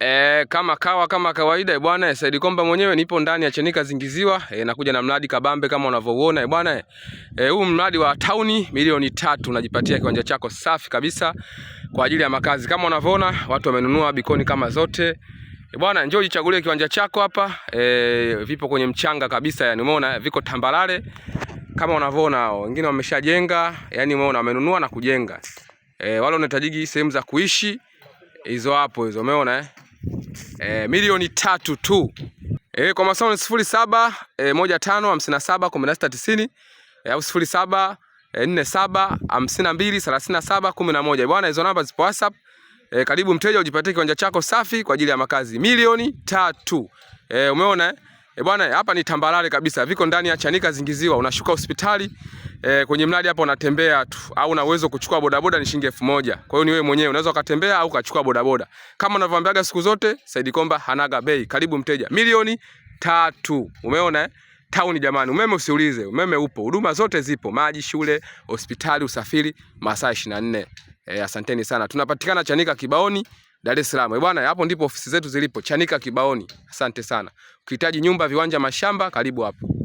E, kama kawa kama kawaida eh, bwana e, Saidi Komba mwenyewe nipo ndani ya Chenika Zingiziwa e, nakuja na mradi kabambe kama unavyoona bwana e, huu mradi wa tauni milioni tatu unajipatia kiwanja chako safi kabisa kwa ajili ya makazi. Kama unavyoona watu wamenunua bikoni kama zote e, bwana njoo jichagulie kiwanja chako hapa e, vipo kwenye mchanga kabisa, yani umeona viko tambalale kama unavyoona, hao. wengine wameshajenga yani umeona wamenunua na kujenga e, wale wanahitaji sehemu za kuishi hizo hapo hizo umeona eh e, milioni tatu tu. E, kwa masomo ni sifuri saba e, moja tano hamsini na saba kumi na sita tisini au sifuri saba nne saba hamsini na mbili thelathini na saba kumi na moja. Bwana, hizo namba zipo WhatsApp. E, karibu mteja ujipatie kiwanja chako safi kwa ajili ya makazi milioni tatu. E, umeona eh? E bwana, hapa ni tambarare kabisa, viko ndani ya Chanika Zingiziwa. Unashuka hospitali e, kwenye mradi hapa unatembea tu, au una uwezo kuchukua bodaboda ni shilingi elfu moja. Kwa hiyo ni wewe mwenyewe unaweza ukatembea au ukachukua bodaboda. Kama unavyoambiaga siku zote, Said Komba hanaga bei. Karibu mteja, milioni tatu. Umeona eh? Tauni jamani, umeme usiulize, umeme upo, huduma zote zipo, maji, shule, hospitali, usafiri, masaa 24. E, eh, asanteni sana. Tunapatikana Chanika Kibaoni. Dar es Salaam. Bwana, hapo ndipo ofisi zetu zilipo Chanika Kibaoni. Asante sana. Ukihitaji nyumba, viwanja, mashamba, karibu hapo.